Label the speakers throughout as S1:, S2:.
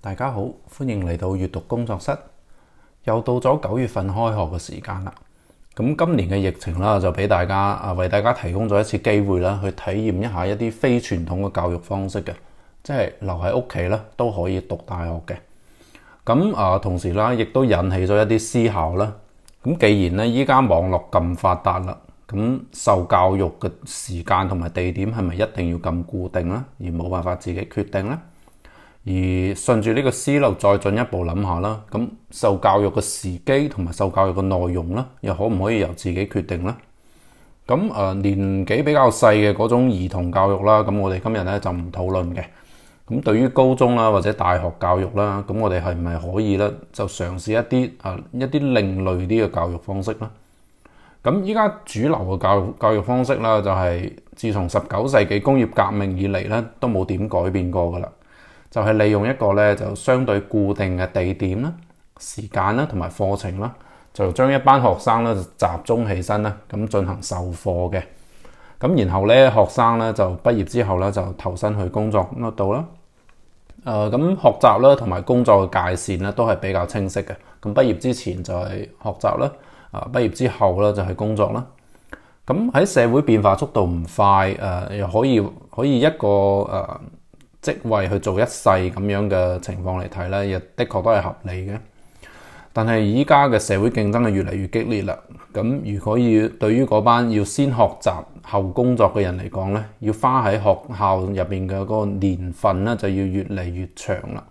S1: 大家好，歡迎嚟到閱讀工作室。又到咗九月份開學嘅時間啦。咁今年嘅疫情啦，就俾大家啊為大家提供咗一次機會啦，去體驗一下一啲非傳統嘅教育方式嘅，即係留喺屋企啦都可以讀大學嘅。咁啊，同時啦，亦都引起咗一啲思考啦。咁既然呢，依家網絡咁發達啦，咁受教育嘅時間同埋地點係咪一定要咁固定咧？而冇辦法自己決定咧？而順住呢個思路，再進一步諗下啦。咁受教育嘅時機同埋受教育嘅內容啦，又可唔可以由自己決定呢？咁誒年紀比較細嘅嗰種兒童教育啦，咁我哋今日咧就唔討論嘅。咁對於高中啦或者大學教育啦，咁我哋係唔係可以咧就嘗試一啲一啲另類啲嘅教育方式啦。咁依家主流嘅教育教育方式啦、就係，就係自從十九世紀工業革命以嚟咧，都冇點改變過噶啦。就係利用一個咧，就相對固定嘅地點啦、時間啦，同埋課程啦，就將一班學生咧集中起身啦，咁進行授課嘅。咁然後咧，學生咧就畢業之後咧就投身去工作咁度啦。咁、呃、學習啦，同埋工作嘅界線咧都係比較清晰嘅。咁畢業之前就係學習啦，啊，畢業之後咧就係工作啦。咁喺社會變化速度唔快、呃，又可以可以一個、呃職位去做一世咁樣嘅情況嚟睇呢，亦的確都係合理嘅。但係依家嘅社會競爭係越嚟越激烈啦。咁如果要對於嗰班要先學習後工作嘅人嚟講呢，要花喺學校入邊嘅嗰個年份呢，就要越嚟越長啦。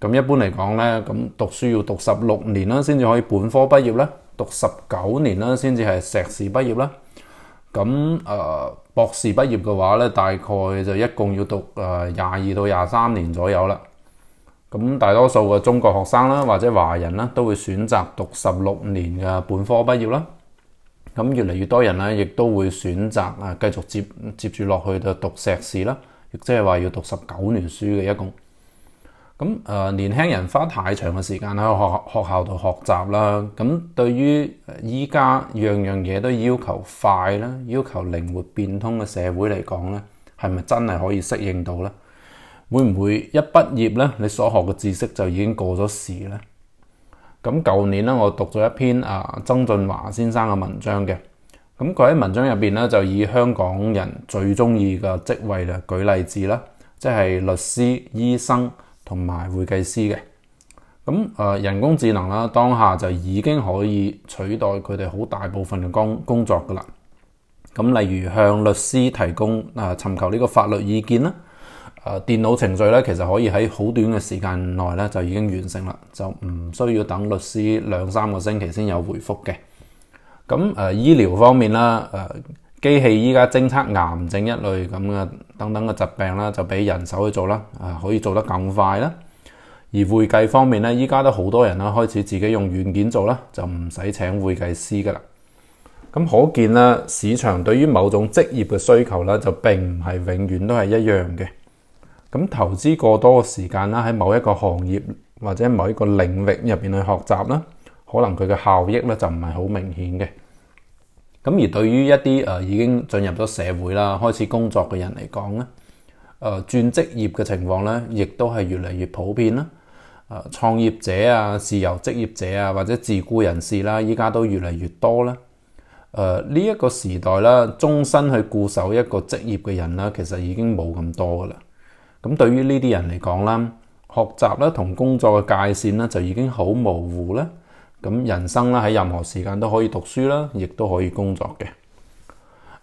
S1: 咁一般嚟講呢，咁讀書要讀十六年啦，先至可以本科畢業啦，讀十九年啦，先至係碩士畢業啦。咁誒。呃博士畢業嘅話咧，大概就一共要讀誒廿二到廿三年左右啦。咁大多數嘅中國學生啦，或者華人啦，都會選擇讀十六年嘅本科畢業啦。咁越嚟越多人咧，亦都會選擇誒繼續接接住落去就讀碩士啦，亦即係話要讀十九年書嘅一共。咁誒年輕人花太長嘅時間喺學學校度學習啦。咁對於依家樣樣嘢都要求快啦，要求靈活變通嘅社會嚟講咧，係咪真係可以適應到咧？會唔會一畢業咧，你所學嘅知識就已經過咗時咧？咁舊年咧，我讀咗一篇啊曾俊華先生嘅文章嘅。咁佢喺文章入邊咧，就以香港人最中意嘅職位嚟舉例子啦，即係律師、醫生。同埋會計師嘅。咁誒人工智能啦，當下就已經可以取代佢哋好大部分嘅工工作㗎喇。咁例如向律師提供誒尋、呃、求呢個法律意見啦，誒、呃、電腦程序咧其實可以喺好短嘅時間內咧就已經完成啦，就唔需要等律師兩三個星期先有回覆嘅。咁誒、呃、醫療方面啦，誒、呃。機器依家偵測癌症一類咁嘅等等嘅疾病啦，就俾人手去做啦，啊可以做得更快啦。而會計方面咧，依家都好多人啦，開始自己用軟件做啦，就唔使請會計師㗎喇。咁可見啦，市場對於某種職業嘅需求咧，就並唔係永遠都係一樣嘅。咁投資過多嘅時間啦，喺某一個行業或者某一個領域入邊去學習啦，可能佢嘅效益咧就唔係好明顯嘅。咁而對於一啲誒已經進入咗社會啦、開始工作嘅人嚟講咧，誒轉職業嘅情況咧，亦都係越嚟越普遍啦。誒創業者啊、自由職業者啊，或者自雇人士啦，依家都越嚟越多啦。誒呢一個時代啦，終身去固守一個職業嘅人啦，其實已經冇咁多噶啦。咁對於呢啲人嚟講啦，學習啦同工作嘅界線咧，就已經好模糊啦。咁人生咧喺任何時間都可以讀書啦，亦都可以工作嘅、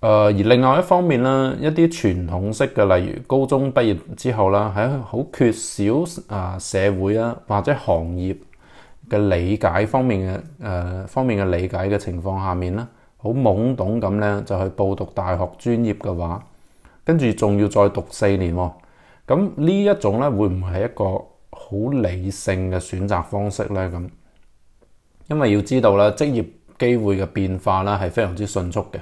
S1: 呃。而另外一方面咧，一啲傳統式嘅，例如高中畢業之後啦，喺好缺少啊社會啊或者行業嘅理解方面嘅、呃、方面嘅理解嘅情況下面呢，好懵懂咁咧就去報讀大學專業嘅話，跟住仲要再讀四年，咁呢一種咧會唔會係一個好理性嘅選擇方式咧？咁？因為要知道啦，職業機會嘅變化啦，係非常之迅速嘅。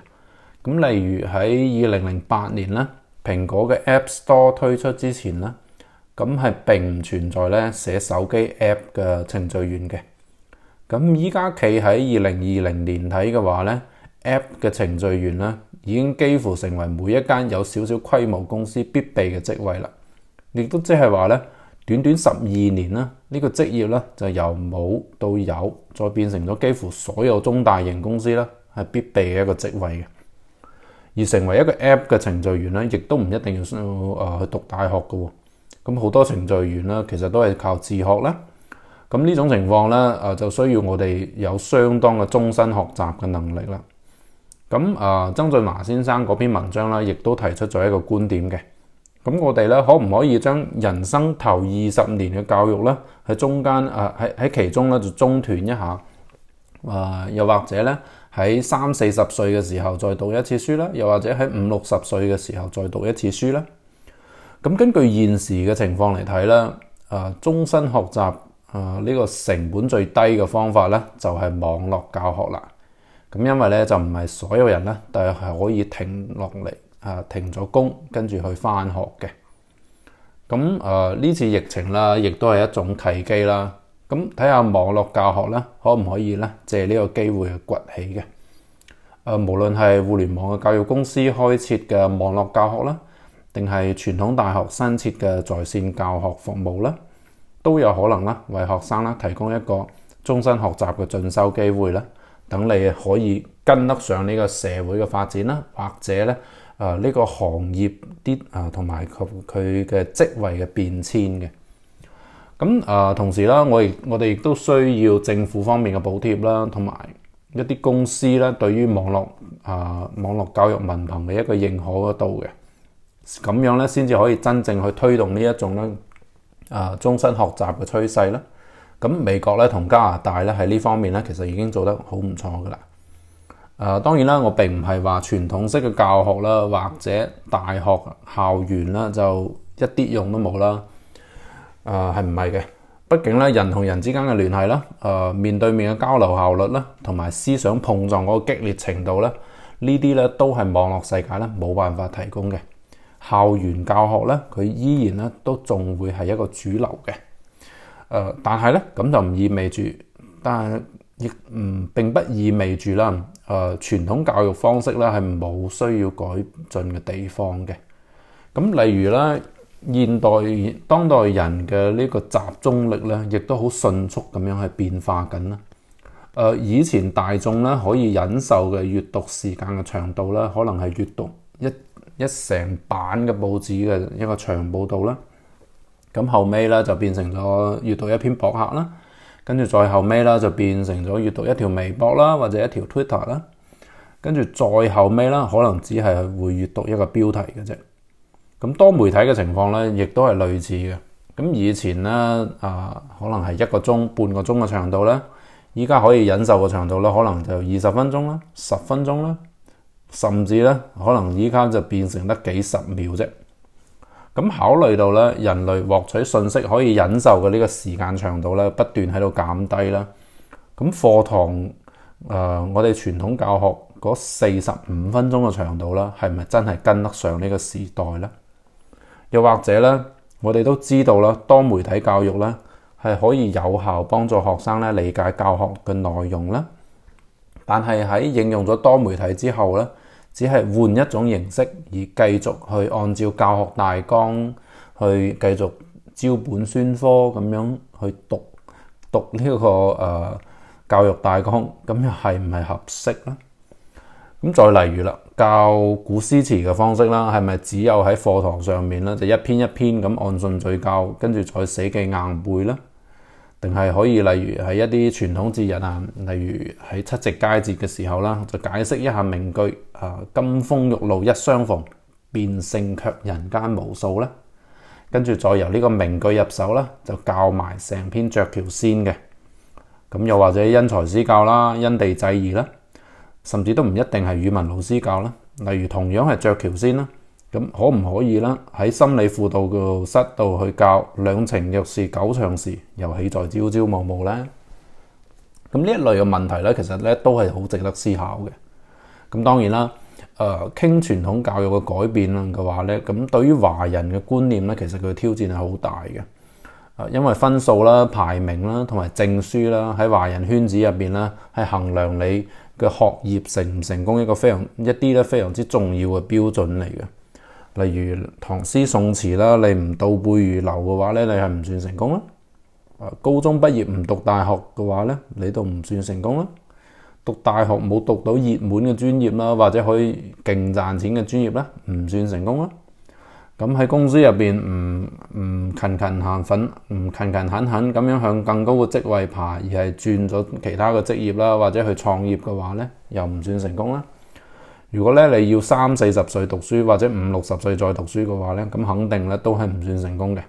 S1: 咁例如喺二零零八年咧，蘋果嘅 App Store 推出之前咧，咁係並唔存在咧寫手機 App 嘅程序員嘅。咁依家企喺二零二零年睇嘅話咧，App 嘅程序員啦，已經幾乎成為每一間有少少規模公司必備嘅職位啦。亦都即係話咧。短短十二年呢，呢個職業咧就由冇到有，再變成咗幾乎所有中大型公司咧係必備嘅一個職位嘅。而成為一個 App 嘅程序員咧，亦都唔一定要去讀大學嘅。咁好多程序員咧，其實都係靠自學啦。咁呢種情況咧，就需要我哋有相當嘅終身學習嘅能力啦。咁誒，曾俊華先生嗰篇文章咧，亦都提出咗一個觀點嘅。咁我哋咧，可唔可以將人生頭二十年嘅教育咧，喺中間啊，喺喺其中咧就中斷一下？啊，又或者咧喺三四十歲嘅時候再讀一次書啦，又或者喺五六十歲嘅時候再讀一次書啦。咁根據現時嘅情況嚟睇咧，啊，終身學習啊，呢個成本最低嘅方法咧，就係網絡教學啦。咁因為咧就唔係所有人咧，都係可以停落嚟。啊！停咗工，跟住去翻學嘅咁。啊，呢、呃、次疫情啦，亦都係一種契機啦。咁睇下網絡教學啦，可唔可以咧借呢個機會嚟崛起嘅？誒、呃，無論係互聯網嘅教育公司開設嘅網絡教學啦，定係傳統大學新設嘅在線教學服務啦，都有可能啦，為學生啦提供一個終身學習嘅進修機會啦。等你可以跟得上呢個社會嘅發展啦，或者咧。啊！呢個行業啲啊，同埋佢佢嘅職位嘅變遷嘅。咁啊，同時啦，我亦我哋亦都需要政府方面嘅補貼啦，同埋一啲公司咧，對於網絡啊網絡教育文憑嘅一個認可度嘅。咁樣咧，先至可以真正去推動呢一種咧啊終身學習嘅趨勢啦。咁美國咧同加拿大咧喺呢方面咧，其實已經做得好唔錯噶啦。啊、呃，當然啦，我並唔係話傳統式嘅教學啦，或者大學校園啦，就一啲用都冇啦。啊、呃，係唔係嘅？畢竟咧，人同人之間嘅聯繫啦，啊、呃，面對面嘅交流效率啦，同埋思想碰撞嗰個激烈程度咧，呢啲咧都係網絡世界咧冇辦法提供嘅。校園教學咧，佢依然咧都仲會係一個主流嘅、呃。但係咧，咁就唔意味住，但係。亦唔、嗯、並不意味住啦，誒、呃、傳統教育方式咧係冇需要改進嘅地方嘅。咁例如咧，現代當代人嘅呢個集中力咧，亦都好迅速咁樣係變化緊啦。誒、呃、以前大眾咧可以忍受嘅閱讀時間嘅長度咧，可能係閱讀一一成版嘅報紙嘅一個長報道啦。咁後尾咧就變成咗閱讀一篇博客啦。跟住再後尾啦，就變成咗閱讀一條微博啦，或者一條 Twitter 啦。跟住再後尾啦，可能只係會閱讀一個標題嘅啫。咁多媒體嘅情況咧，亦都係類似嘅。咁以前咧啊，可能係一個鐘、半個鐘嘅長度咧，依家可以忍受嘅長度咧，可能就二十分鐘啦、十分鐘啦，甚至咧，可能依家就變成得幾十秒啫。咁考慮到咧，人類獲取信息可以忍受嘅呢個時間長度咧，不斷喺度減低啦。咁課堂，呃，我哋傳統教學嗰四十五分鐘嘅長度啦，係咪真係跟得上呢個時代呢？又或者咧，我哋都知道啦，多媒體教育咧係可以有效幫助學生咧理解教學嘅內容啦。但係喺應用咗多媒體之後咧，只係換一種形式而繼續去按照教學大綱去繼續照本宣科咁樣去讀讀呢、這個、呃、教育大綱，咁樣係唔係合適咧？咁再例如啦，教古詩詞嘅方式啦，係咪只有喺課堂上面咧，就一篇一篇咁按順序教，跟住再死記硬背咧？定係可以例，例如喺一啲傳統節日啊，例如喺七夕佳節嘅時候啦，就解釋一下名句啊，金風玉露一相逢，便勝卻人間無數啦。跟住再由呢個名句入手啦，就教埋成篇着橋《鵲橋仙》嘅。咁又或者因材施教啦，因地制宜啦，甚至都唔一定係語文老師教啦。例如同樣係《鵲橋仙》啦。咁可唔可以咧？喺心理輔導嘅室度去教兩情若是久長時，又豈在朝朝暮暮呢？咁呢一類嘅問題咧，其實咧都係好值得思考嘅。咁當然啦，誒傾傳統教育嘅改變嘅話咧，咁對於華人嘅觀念咧，其實佢嘅挑戰係好大嘅。因為分數啦、排名啦，同埋證書啦，喺華人圈子入邊咧，係衡量你嘅學業成唔成功一個非常一啲咧非常之重要嘅標準嚟嘅。例如唐詩宋詞啦，你唔倒背如流嘅話咧，你係唔算成功啦。高中畢業唔讀大學嘅話咧，你都唔算成功啦。讀大學冇讀到熱門嘅專業啦，或者可以勁賺錢嘅專業咧，唔算成功啦。咁喺公司入邊唔唔勤勤行奮，唔勤勤懇懇咁樣向更高嘅職位爬，而係轉咗其他嘅職業啦，或者去創業嘅話咧，又唔算成功啦。如果咧你要三四十歲讀書或者五六十歲再讀書嘅話咧，咁肯定咧都係唔算成功嘅。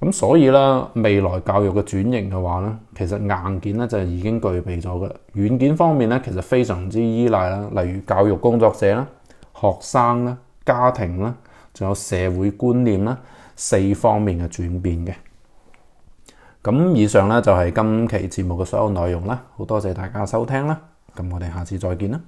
S1: 咁所以啦，未來教育嘅轉型嘅話咧，其實硬件咧就已經具備咗噶啦。軟件方面咧，其實非常之依賴啦，例如教育工作者啦、學生啦、家庭啦，仲有社會觀念啦四方面嘅轉變嘅。咁以上咧就係今期節目嘅所有內容啦，好多謝大家收聽啦，咁我哋下次再見啦。